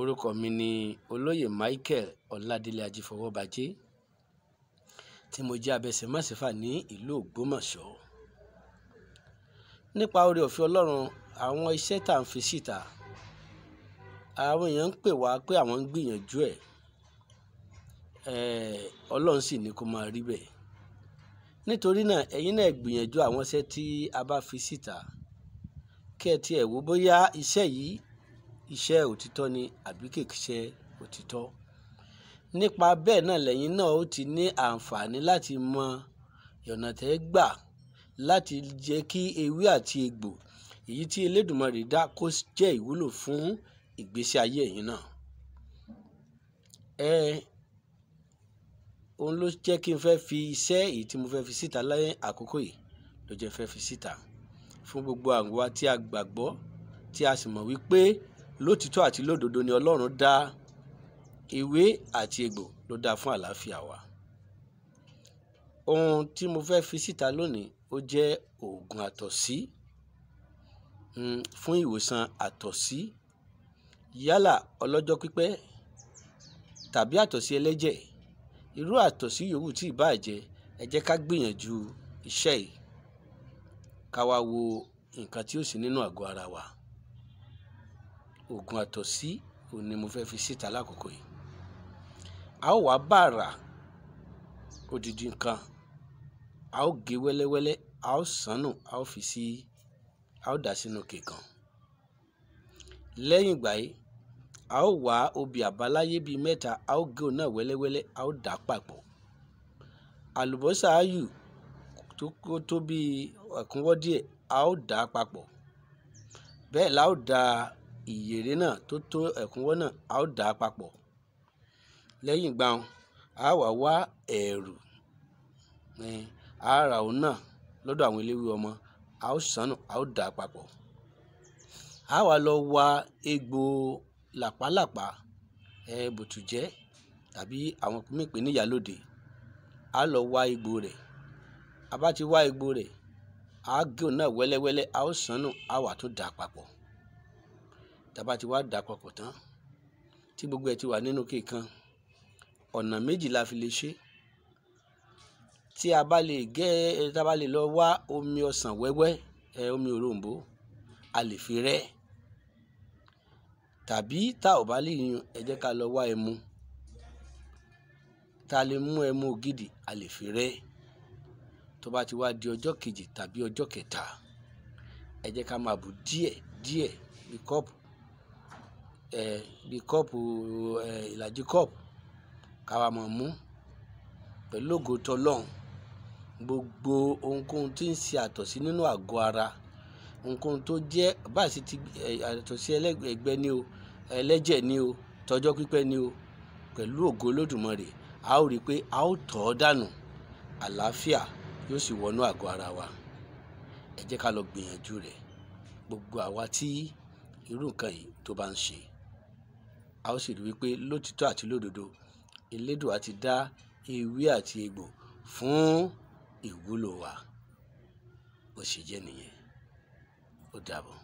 Orúkọ mi ni Olóyè Michael Ọládélé Ajífọwọ́bajé tí mo jẹ́ abẹsẹ̀másífà ní ìlú Ògbómọ̀ṣọ́. Nípa oore ọ̀fẹ́ Ọlọ́run, àwọn iṣẹ́ tá ń fi síta, àwọn èèyàn ń pè wá pé àwọn ń gbìyànjú ẹ̀. Ọlọ́run sì ní kó máa rí bẹ́ẹ̀. Nítorí náà, ẹ̀yin náà gbìyànjú àwọn iṣẹ́ tí a bá fi síta. Kí ẹ ti ẹ̀ bóyá iṣẹ́ yìí iṣẹ́ òtítọ́ ni àbí kìkìṣe òtítọ́ nípa bẹ́ẹ̀ náà lẹ́yìn náà ó ti ní àǹfààní láti mọ ọ̀nà tẹ́ gbà láti jẹ́ kí ewé àti egbò èyí tí Elédùmarè dá kó jẹ́ ìwúlò fún ìgbésí ayé ẹ̀yin náà ẹ òun ló jẹ́ kí n fẹ́ fi iṣẹ́ èyí tí mo fẹ́ fi síta láyé àkókò yìí ló jẹ́ fẹ́ fi síta fún gbogbo àwa tí a gbàgbọ́ tí a sì mọ̀ wípé lótìtọ́ àti lódodo ni ọlọ́run dá ewé àti egbò ló dá fún àlàáfíà wa ohun tí mo fẹ́ fi síta lónìí ó jẹ́ oògùn àtọ̀sí hmm, fún ìwòsàn àtọ̀sí yálà ọlọ́jọ́ pípẹ́ tàbí àtọ̀sí ẹlẹ́jẹ̀ irú àtọ̀sí yòówù tí ì ẹ jẹ́ ká gbìyànjú iṣẹ́ yìí ká wá wo nǹkan tí ó sì nínú àgọ́ ara wa oògùn àtọ̀sí òun ni mo fẹ́ fi síta lákòókò yìí a ó wá bàrà odidi nǹkan a ó gé wẹ́lẹ́wẹ́lẹ́ a ó sànù a ó fi sí a ó dà sínú kẹ̀kan lẹ́yìn ìgbà yìí a ó wá obì àbáláyé bíi mẹ́ta a ó gé òun náà wẹ́lẹ́wẹ́lẹ́ a ó dà á papọ̀ àlùbọ́sà ayù tó kó tó bíi ẹ̀kúnwọ́ díẹ̀ a ó dà á papọ̀ bẹ́ẹ̀ la ó da iye èrè náà tó tó ẹ̀kúnwó náà a ó dà á papọ̀ lẹ́yìn ìgbà wọn a wà wá ẹ̀rù a ra òun náà lọ́dọ̀ àwọn eléwé ọmọ a ó sànù a ó dà á papọ̀ a wà lọ wa egbò làpálàpá ẹ bùtùjẹ́ tàbí àwọn mípè níyà lóde a lọ wá egbò rẹ̀ a bá ti wá egbò rẹ̀ a gé òun náà wẹ́lẹ́wẹ́lẹ́ a ó sànù a wà tó dà á papọ̀ tàbá ti wá dà papọ̀ tán tí gbogbo ẹ̀ ti wà nínú kíkan ọ̀nà méjì la fi lè ṣe tí a bá lè gẹ́ tá a bá lè lọ wá omi ọsàn wẹ́wẹ́ ẹ omi òrombó a lè fi rẹ́ tàbí tá ò bá lè yun ẹ jẹ́ ká lọ wá ẹmu tá a lè mú ẹmu ògidì a lè fi rẹ́ tó bá ti wá di ọjọ́ kejì tàbí ọjọ́ kẹta ẹ jẹ́ ká máa bù díẹ̀ díẹ̀ bí kọ́ọ̀pù ẹ̀ bí kọ́ọ̀pù ẹ̀ ìlàjì kọ́ọ̀pù káwa mọ̀ mú pẹ̀lú ògo tọlọ́hun gbogbo ohunkóhun tí ń ṣe àtọ̀sí nínú àgọ́ ara ohunkóhun tó jẹ́ báàsì ti àtọ̀sí ẹlẹ́gbẹ́ ni o ẹlẹ́jẹ̀ ni o tọjọ́ pípẹ́ ni o pẹ̀lú ògo Olódùmarè a ó rí i pé a ó tọ̀ ọ́ dànù àlàáfíà yóò sì wọnú àgọ́ ara wa ẹ jẹ́ ká lọ gbìyànjú rẹ̀ gbogbo àwa tí irú nǹkan yìí tó bá ń ṣe a ó sì rí wípé lótìtọ́ àti lódodo elédùà ti dá ewé àti egbò fún ìwúlò wa ó ṣe jẹ́ nìyẹn ó dàbọ̀.